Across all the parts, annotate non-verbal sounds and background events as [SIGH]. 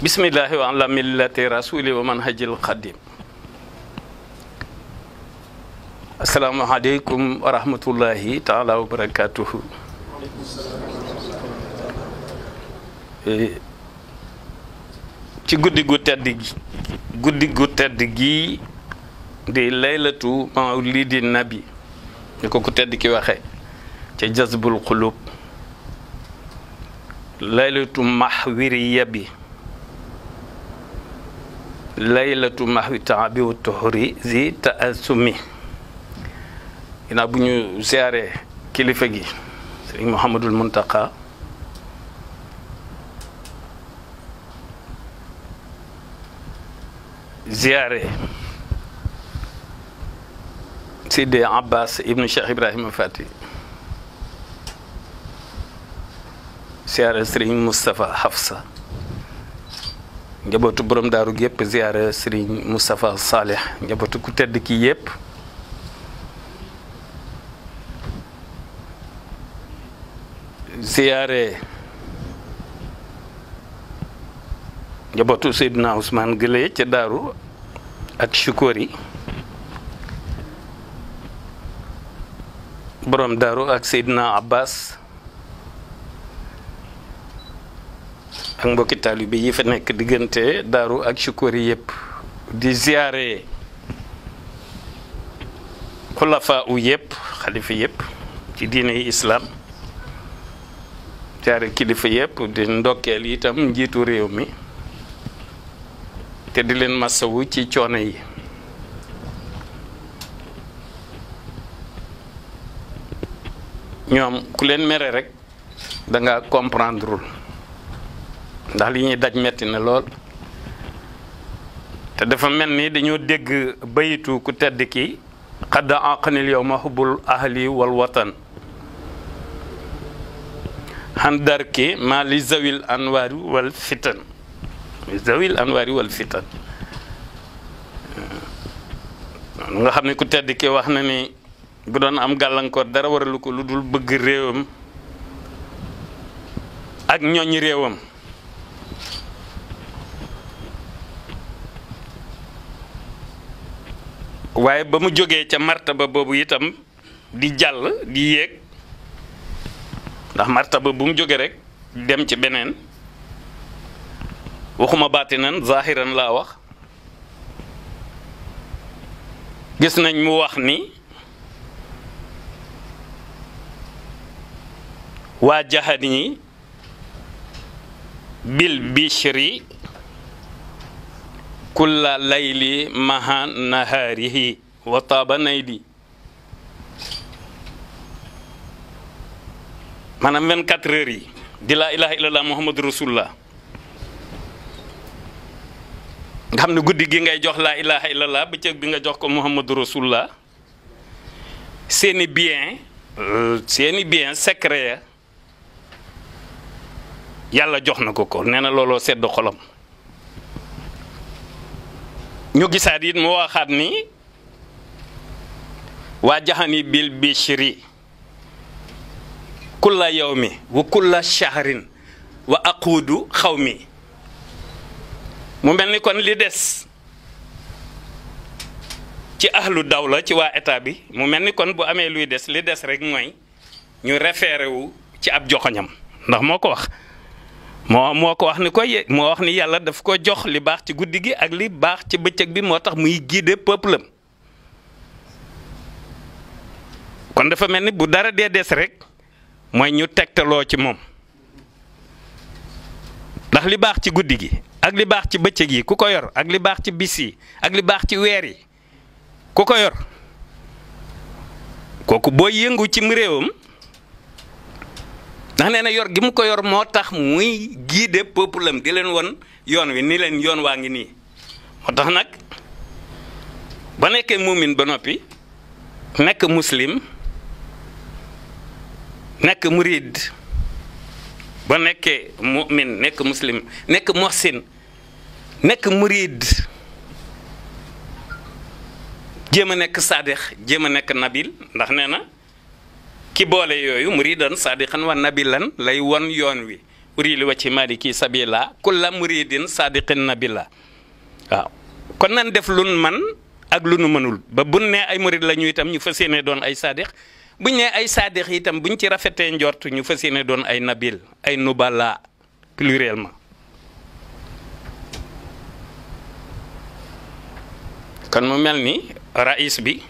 bismillahi wa ala millati rasuli wa manhajil xadim asalaamaaleykum wa rahmatullahi taala wa barakatuhu ci guddi gu tedd gi guddi gu tedd gi di laylatu mawlidi nabi ñu ko ku tedd ki waxee ca jazbul xulub laylatu mahwiriya bi laylatu mahwi taabi wa tuhri zi taasumi ginnaaw bu ñu siyaaree kilifa gi sëriñ Mouhamadul Muntaqa ziyaare Sidi Abbas ibnu Cheikh Ibrahima Fati siyaare sëriñ Moustapha Hafsa njabootu borom daaru gi yëpp ziyaara Serigne Moustapha njabootu ku tedd kii yëpp ziyaare njabootu Seydina Ousmane Gëlé ca daaru ak Chukori borom daaru ak Seydina Abbas ak mbokki taalibe yi fa nekk diggante daaru ak sukkoori yëpp di ziyaare xulafaa u yëpp xalifa yëpp ci diine islaam ziyaare kilifa yëpp di ndokkeel itam njiitu réew mi te di leen masawu ci coono yi ñoom ku leen mere rekk da nga comprendreul ndax li ñuy daj metti na lool te dafa mel ni dañoo dégg bayitu ku tedd ki xadda àqanil yow ma xubbul ahli wal watan xandar ki ma li zawil anwaari wal fitan li zawil anwaari wal fitan hmm. nga xam ne ku tedd ki wax na ni bu doon am gàllankoor dara waralu ko lu dul bëgg réewam ak ñooñ réewam waaye ba mu jógee ca martaba boobu itam di jàll di yéeg ndax martaba bu mu jógee rek dem ci beneen waxuma baatinan zahiran laa wax gis nañ mu wax ni waa jahad ñi bil bishri kulla layli maha nahaarihi wa taaba naydi maanaam 24 heures yi di laa ilaha illallah muhammadu rasulullah nga xam ne guddi gi ngay jox laa ilaha illallah bëccëg bi nga jox ko muhammadu rasulullah seeni bien seeni bien secret ya yàlla jox na ko ko nee na looloo sedd xolam ñu gisaat it mu waxaat ni waa jaxani bil bishri kulla yawmi wa kulla shahrin wa xaw mi mu mel ni kon li des ci ahlu dawla ci waa état bi mu mel ni kon bu amee luy des li des rek mooy ñu référé ci ab joxoñam ndax moo ko wax moo moo ko wax ni ko moo wax ni yàlla daf ko jox li baax ci guddi gi ak li baax ci bëccëg bi moo tax muy guider peuple am kon dafa mel ni bu dara dee des rek mooy ñu tegtaloo ci moom ndax li baax ci guddi gi ak li baax ci bëccëg yi ku ko yor ak li baax ci bis yi ak li baax ci weer yi ku ko yor kooku boo yëngu ci réewam ndax nee na yor gi mu ko yor moo tax muy guider peuple am di leen won yoon wi ni leen yoon waa ngi nii moo tax nag ba nekkee muumin ba noppi nekk muslim nekk murid ba nekkee mumin nekk muslim nekk muhsin nekk murid jéem a nekk saadix jéem a nekk nabil ndax nee na ki boole yooyu muridan sadiqan wa nabilan lay won yoon wi uriili wa ci maliki sabila kulla muridin sadiqin nabila waaw kon nan def lun man ak lu nu mënul ba buñ ne ay murid la ñu itam ñu fas yéene doon ay sadiq buñ ne ay sadiq itam buñ ci rafetee njort ñu fas yéene doon ay nabil ay nubala pluriellement kon mu mel ni rais bi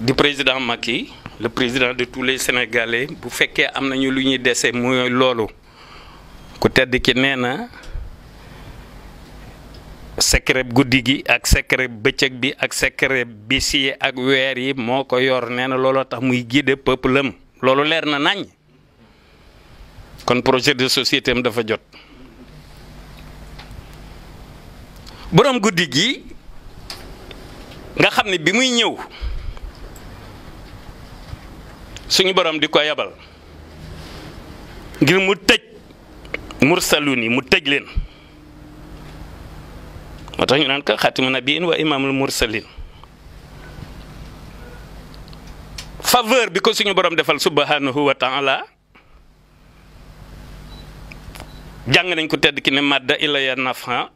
di président Macky le président de tous les sénégalais bu fekkee am nañu lu ñuy dese mooy loolu ku tedd ki nee na secret guddi gi ak secret bëccëg bi ak secret bis ak weer yi moo ko yor nee na looloo tax muy giide peuple am loolu leer na nañ kon projet de société am dafa jot boroom guddi gi nga xam ne bi muy ñëw. suñu borom di ko yabal ngir mu tëj mursaluun yi mu tëj leen moo ñu naan ko xaatimu nabiin wa imaamul mursalin faveur bi ko suñu borom defal subhanahu wa taala jàng nañ ko tedd ki ne madda ilaya nafa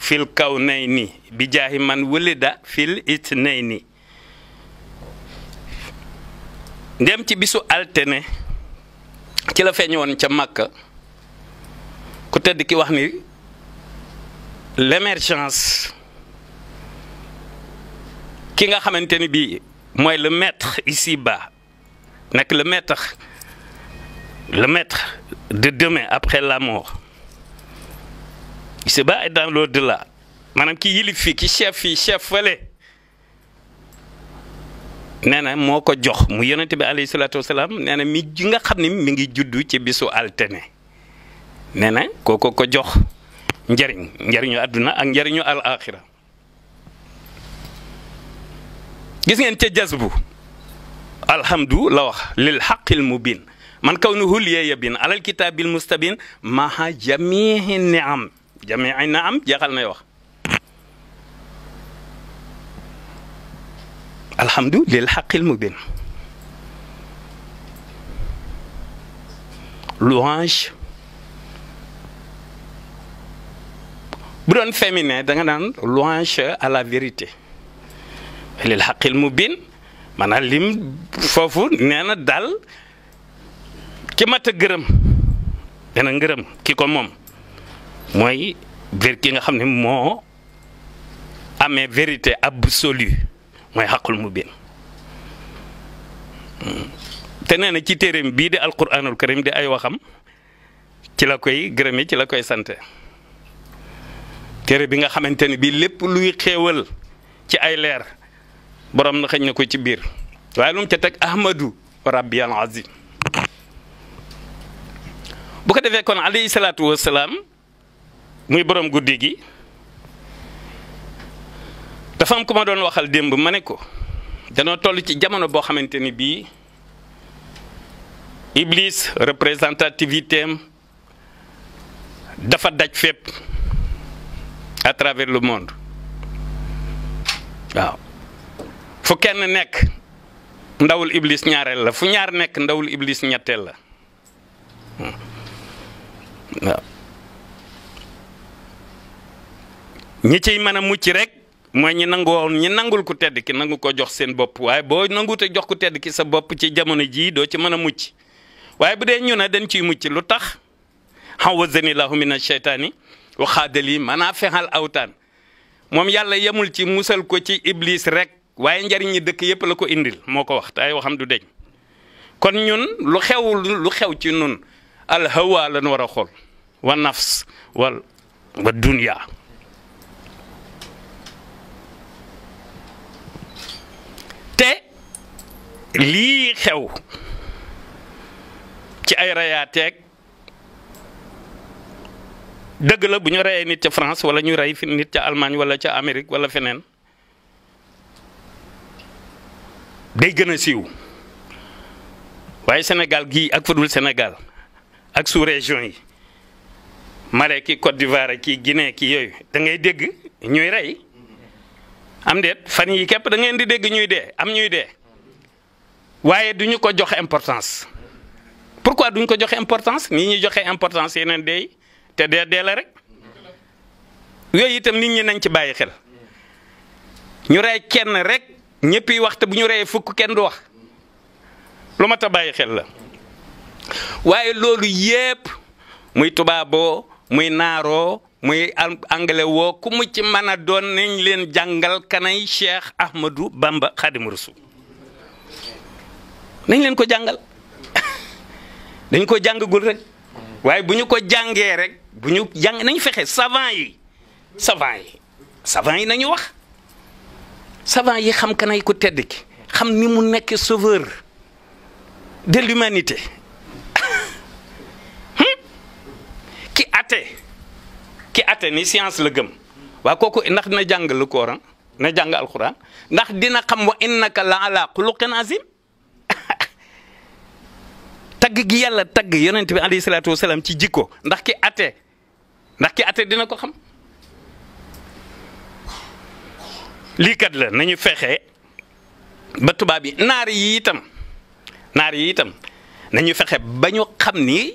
fil kaw nay ni bi jaahi man wulida fil it nay ni ndem ci bisu altene ci la feeñ woon ca Makka ku tedd ki wax ni l'émergence ki nga xamante ni bii mooy le maître ici-bas nekk le maître le maître de demain après la mort ici-bas et dans l'au-delà maanaam ki yilif fii ki chef fii chef fële nee na moo ko jox mu yonente bi alayhi salaatu wasalaam nee na mi nga xam ni mi ngi juddu ci bisu altene nee na kooko ko jox njariñ njariñu àdduna ak njariñu al gis ngeen ca jazbu alhamdu la wax lil xaqil mubin man kaw nu hul yee yabin alal kitaabil mustabin maha jamihi niam jamihi niam jeexal nay wax alhamdu lil xaqil mubin louange bu doon féminin danga naan louange à la vérité lil mu bin maanaam lim foofu nee dal daal ki mat a gërëm dana ki ko moom mooy ver ki nga xam ne moo amee vérité absolue mooy xaqul mubin te nee na ci téere bii di alquranul karim di ay waxam ci la koy gërëme ci la koy sante téere bi nga xamante ne bii lépp luy xéewal ci ay leer boroom na xëñ na ko ci biir waaye lu mu ca teg ahmadu rabbiyal azim bu ko defee kon alayhi salaatu wasalaam muy boroom guddi gi dafa am ku ma doon waxal démb ma ne ko danoo toll ci jamono boo xamante ni bii Iblis représentativité am dafa daj fépp à travers le monde waaw fu kenn nekk ndawul Iblis ñaareel la fu ñaar nekk ndawul Iblis ñetteel la hmm. waaw ñi ciy mën a mucc rek. mooy ñi nangu ñi nangul ku tedd ki nangu ko jox seen bopp waaye boo nanguute jox ku tedd ki sa bopp ci jamono jii doo ci mën a mucc waaye bu dee ñu ne dañ ciy mucc lu tax hawazani lahu min asheytaani wa xaadali manaa fexal awtaan moom yàlla yemul ci musal ko ci iblis rek waaye njariñ ñi dëkk yépp la ko indil moo ko wax te ay waxam du deñ kon ñun lu xew lu xew ci nun al hawa lan war a xool wa nafs wal wa dunya lii xew ci ay reyaateeg dëgg la bu ñu reyee nit ca France wala ñu rey nit ca almaañ wala ca Amérique wala feneen day gën a siiw waaye Sénégal gi ak fudul Sénégal ak sous région yi Mali ki Côte d'Ivoire ki Guinée ki yooyu dangay dégg ñuy rey am déet fan yi képp da di dégg ñuy dee am ñuy dee. waaye du ñu ko jox importance pourquoi duñ ko joxe importance ni ñu joxe importance yeneen dee te dee dee rek yooyu itam nit ñi nañ ci bàyyi xel ñu rey kenn rek ñëpp yi waxte bu ñu reyee fukk kenn du wax lu mat a bàyyi xel la waaye loolu yépp muy tubaaboo muy naaroo muy anglais woo ku mu ci mën a doon nañ leen jàngal kanay Cheikh Ahmadou Bamba Xaadimu Rasuul nañ leen ko jàngal [LAUGHS] dañ ko jàngagul rek waaye bu ñu ko jàngee rek bu ñu jàng nañ fexe savant yi savant yi savant yi nañu wax savant yi xam kanay ku tedd ki xam ni mu nekk sauveur de l'humanité [LAUGHS] hmm? ki ate ki ate ni science la gëm waa ko ndax dina jàng le Coran na jàng alquran ndax dina xam wa innaka la ala xuluqin azim tagg gi yàlla tagg yonent bi alayhi salaatu wasalaam ci jikko ndax ki ate ndax ki ate dina ko xam lii kat la nañu fexe ba tubaab yi naar yi itam naar yi itam nañu fexe ba ñu xam ni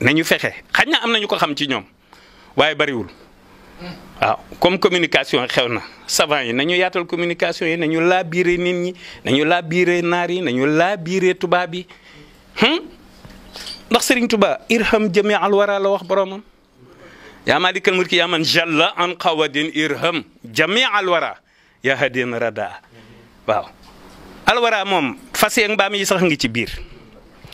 nañu fexe xañ ña am nañu ko xam ci ñoom waaye bariwul waaw comme communication xew na savant yi nañu yaatal communication yi nañu laa biire nit ñi nañu laa biire naar yi nañu laa biire tubaab ndax Serigne Touba irham jami al wara la wax boromam yaa maalikal mulki yaa man jalla an qawadin irham jami al wara yaa hadin rada waaw alwara moom fas yeeg mbaam yi sax ngi ci biir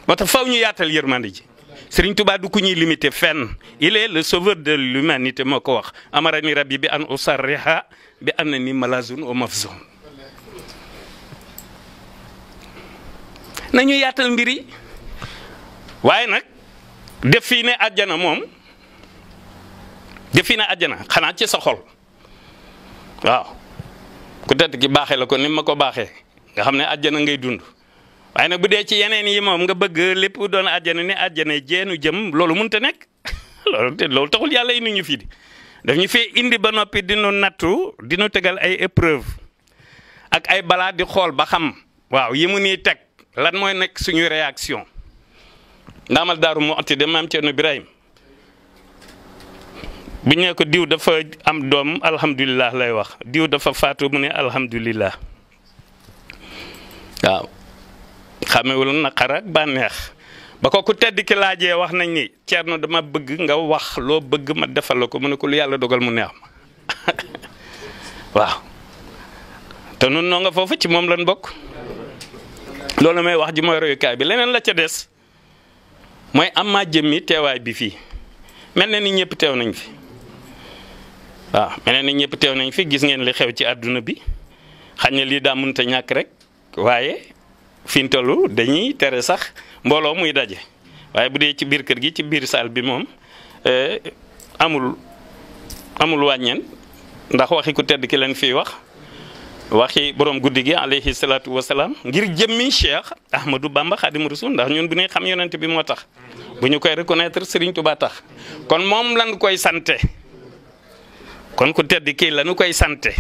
moo tax faw ñu yaatal yërmande ji Serigne Touba du ku ñuy limité fenn il est le sauveur de l'humanité moo ko amarani rabbi bi an usarriha bi annani malazun wa mafzun nañu yaatal mbiri waaye nag def fii ne àjjana moom def fii àjjana xanaa ci sa xol waaw ku tedd ki baaxee la ko ni ma ko baaxee nga xam ne àjjana ngay dund waaye nag bu dee ci yeneen yi moom nga bëgg lépp doon àjjana ni àjjana jeenu jëm loolu mënta nekk [LAUGHS] loolu te loolu taxul yàlla indi ñu fii di daf ñu fee indi ba noppi dinu nattu dinu tegal ay épreuve ak ay balaa di xool ba xam waaw yi mu teg lan mooy nekk suñu réaction ndaamal daaru mu otti de maam Thierno Birahim bu ñu ko diw dafa am doom alhamdulilah lay wax diw dafa faatu mu ne alhamdulilah waaw xamewul naqar ak bànneex ba ko ku tedd ki laajee wax nañ ni ceer Thierno dama bëgg nga wax loo bëgg ma defal la ko mu ne ko lu yàlla dogal mu neex ma [LAUGHS] waaw te nun noo foofu ci moom lan bokk loolu may wax ji mooy royukaay bi leneen la ca des. mooy am maa jëmmi teewaay bi fii mel na ni ñëpp teew nañ fi waaw mel na ni ñëpp teew nañ fi gis ngeen li xew ci àdduna bi xañ lii daa mënta ñàkk rek waaye fintalu dañuy tere sax mbooloo muy daje waaye bu dee ci biir kër gi ci biir saal bi moom eh, amul amul wàññeen ndax waxi ku tedd ki leen fii wax waxi borom guddi gi alayhi salaatu wasalaam ngir jëmmi Cheikh Ahmadou Bamba Xaadimu Rasuul ndax ñun bu ñuy xam yonent bi moo tax bu ñu koy reconnaître Serigne Touba tax kon moom lañ koy sante kon ku tedd kii lañu koy sante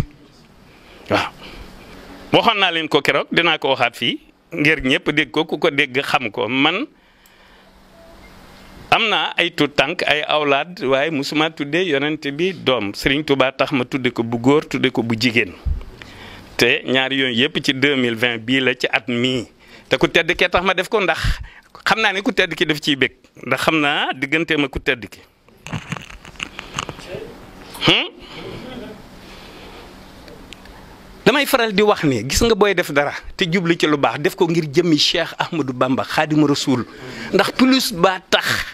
waaw waxoon naa leen ko keroog dinaa ko waxaat fii ngir ñëpp dégg ko ku ko dégg xam ko man am naa ay tuut tànk ay awlaad waaye musuma tuddee yonent bi doom Serigne Touba tax ma tudde ko bu góor tudde ko bu jigéen te ñaari yooyu yëpp ci 2020 bii la ci at mii te ku tedd tax ma def ko ndax xam naa ne ku tedd ki def ciy bég ndax xam naa diggante ma ku tedd ki hmm? damay faral di wax ni gis nga booy def dara te jublu ci lu baax def ko ngir jëmmi Cheikh Ahmadou Bamba xaadimu rasul ndax plus ba tax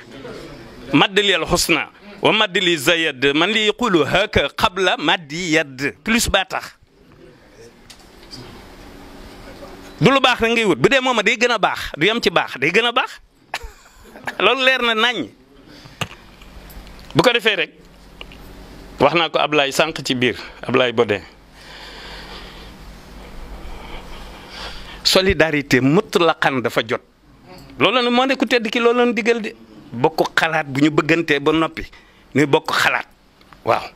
maddali al xusna wa maddali zayad man li yaqulu haka qabla maddi yadd plus ba tax du lu baax rek ngay wut bu dee mooma day gën a baax du yem ci baax day gën a baax [LAUGHS] loolu leer na nañ bu ko defee rek wax naa ko Ablaye sànq ci biir Ablaye Bodé solidarité mutlaqan dafa jot loolu moo ne ku tedd ki loolu lañu diggal de bokk xalaat bu ñu bëggantee ba noppi ñuy bokk xalaat waaw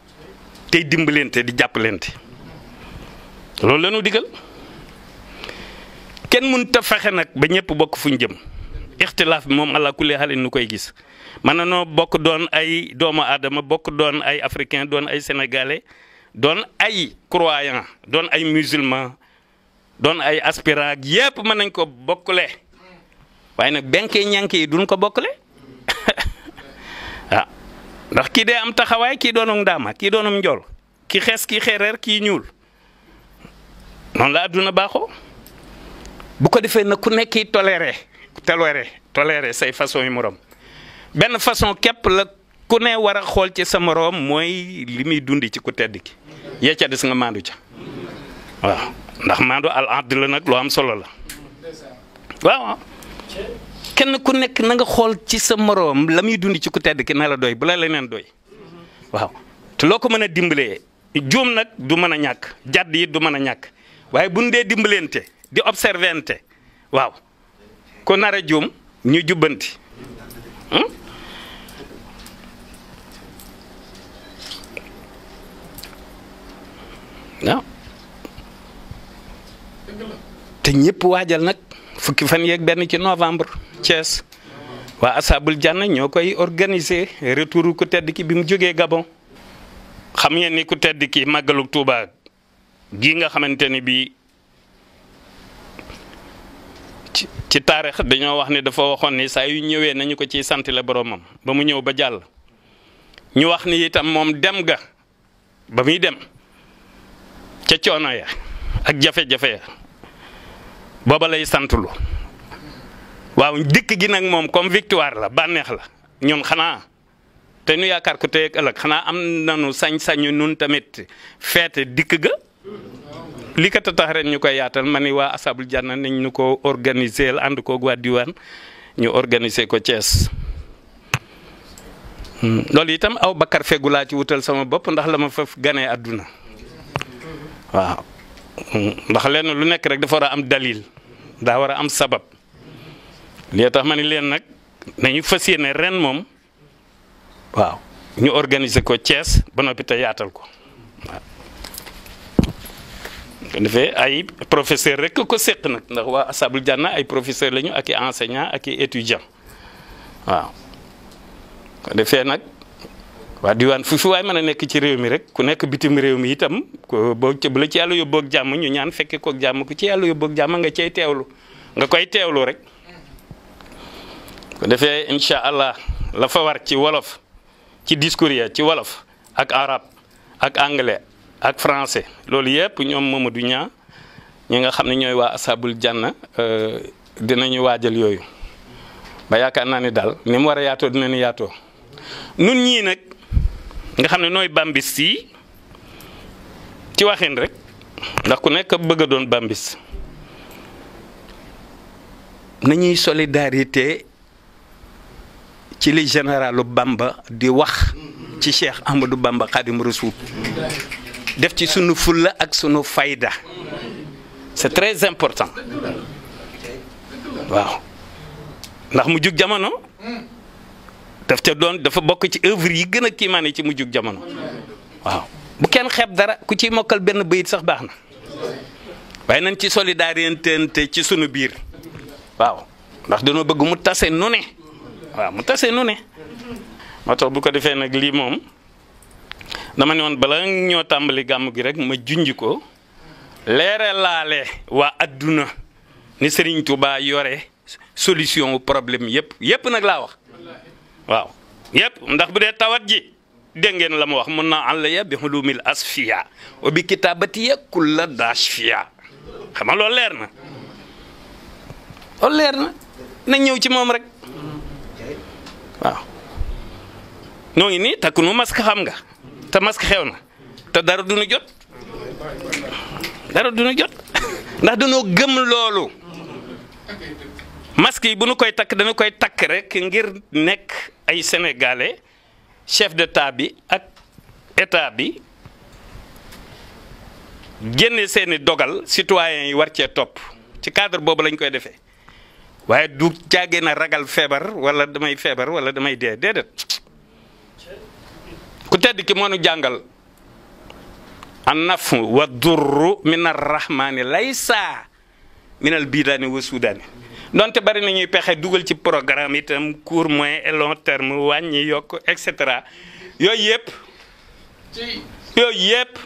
tey dimbalante di jàpp jàppalante loolu lañu digal kenn mun ta fexe nag ba ñëpp bokk fu jëm ixtilaaf bi moom allah kulli xalin nu koy gis mën nanoo bokk doon ay doomu aadama bokk doon ay africain doon ay sénégalais doon ay croyant doon ay musulman doon ay aspirant ak yépp mën nañ ko bokkule waaye nag benkee ñànk yi duñ ko bokkule waaw [LAUGHS] ah, ndax kii dee am taxawaay kii doonum ndaama kii doonum njool ki xees ki xereer kii ñuul noonu la adduna baaxoo bu ko defee na ku nekk toléré toléré toléré say façon yu moroom benn façon képp la ku ne war a xool ci sa moroom mooy li muy dundi ci ku tedd ki yee ca des nga maandu ca waaw ndax maandu al ard la nag lu am solo la waaw kenn ku nekk na nga xool ci sa moroom la muy dundi ci ku tedd ki na la doy bu la leneen doy waaw te loo ko mën a dimbalee juum nag du mën a ñàkk jàdd yi du mën a ñàkk waaye bu ñu dee dimbalante di observante waaw ku nara a juum ñu jubbanti hmm? waaw te ñëpp waajal nag fukki fan yeeg benn ci novembre Thiès waa Asabul Janna ñoo koy organisé retour ku tedd ki bi mu jógee Gabon xam ngeen ni ku tedd ki màggalu Touba gi nga xamante ni bii ci taarix dañoo wax ne dafa waxoon ni saa yu ñëwee nañu ko ciy sant la boroomam ba mu ñëw ba jàll ñu wax ni itam moom dem ga ba muy dem ca coono ya ak jafe-jafe ya booba lay santlu waaw dikk gi nag moom comme victoire la bànneex la ñun xanaa te ñu yaakaar ko tey ak ëllëg xanaa am nañu sañ-sañu nun tamit feete dikk ga li kat a tax ren ñu koy yaatal ma ni waa asabul janna nañ ñu ko la ànd kook waa diwaan ñu organiser ko Thiès. Hmm. loolu itam aw bakkar fegu laa ci wutal sama bopp ndax la ma fa ganee àdduna waaw hmm. ndax lenn lu nekk rek dafa war a am daliil daa war a am sabab li tax ma ni leen nag nañu fas yéene ren moom waaw ñu organiser ko Thiès ba noppi te yaatal ko ko defee ay professeur rek ko séq nag ndax waa Asabul Janna ay professeur lañu ak i enseignant ak i étudiant waaw ko defee nag waa diwaan fu fi waay mën a nekk ci réew mi rek ku nekk bitim réew mi itam boo bu la ci yàlla yóbboog jàmm ñu ñaan fekke koog jàmm ku ci yàlla yóbboog jàmm nga cay teewlu nga koy teewlu rek ko defee incha allah la fa war ci wolof ci discours ya ci wolof ak arab ak anglais ak français loolu yëpp ñoom Mamadou ñaa ñi nga xam ne ñooy waa asabul janna euh, dinañu waajal yooyu ba yaakaar naa ni daal ni mu war a yaatoo dina ni yaatoo nun ñii nag nga xam ne nooy bambis yi ci waxin rek ndax ku nekk bëgg a doon bambis nañuy solidarité ci li généralu Bamba di wax ci Cheikh amadu Bamba Xadim Rasul def ci sunu fulla ak sunu fayda c'est très important waaw ndax mu jug jamono daf ca doon dafa bokk ci œuvre yi gën a kiimaane ci mu jug jamono waaw bu kenn xeeb dara ku ci mokkal benn bayit sax baax na waaye nañ ci solidarité ci sunu biir waaw ndax dañoo bëgg mu tase nu ne waaw mu tase nu ne moo tax bu ko defee nag lii moom dama ne woon bala ñoo tàmbali gàmm gi rek ma junj ko leere laale waa adduna ni Serigne Touba yore solution problème yëpp yëpp nag laa wax waaw yëpp ndax bu dee tawat ji dégg ngeen la ma wax mun naa àll ya bi xulumil asfiya wa bi kitaabati ya kulla dashfiya xam nga loolu leer na loolu leer na na ñëw ci moom rek waaw ñoo ngi nii takku nu masque xam nga te masque xew na te dara du jot dara du jot ndax dañoo gëm loolu masque yi bu ñu koy takk dañu koy takk rek ngir nekk ay sénégalais chef d'état bi ak état bi génne seeni dogal sitoyen yi war cee topp ci cadre boobu lañ koy defee waaye du jàggee na ragal feebar wala damay feebar wala damay dee déedéet. te tedd ki jàngal an nafu wa durru min arrahmani laysa min al bidaani wa sudaani donte bari na pexe dugal ci programme itam court moyen et long terme wàññi yokk et cetera yooyu yëpp yooyu yëpp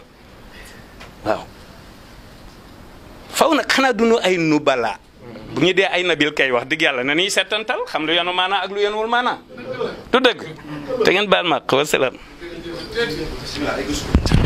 waaw faw nag xanaa dunu ay nubala bu ñu dee ay na nabil kay wax dëgg yàlla na ñuy settantal xam lu yenu maanaa ak lu yenuwul maanaa du dëgg te ngeen baal ma wasalaam bismillah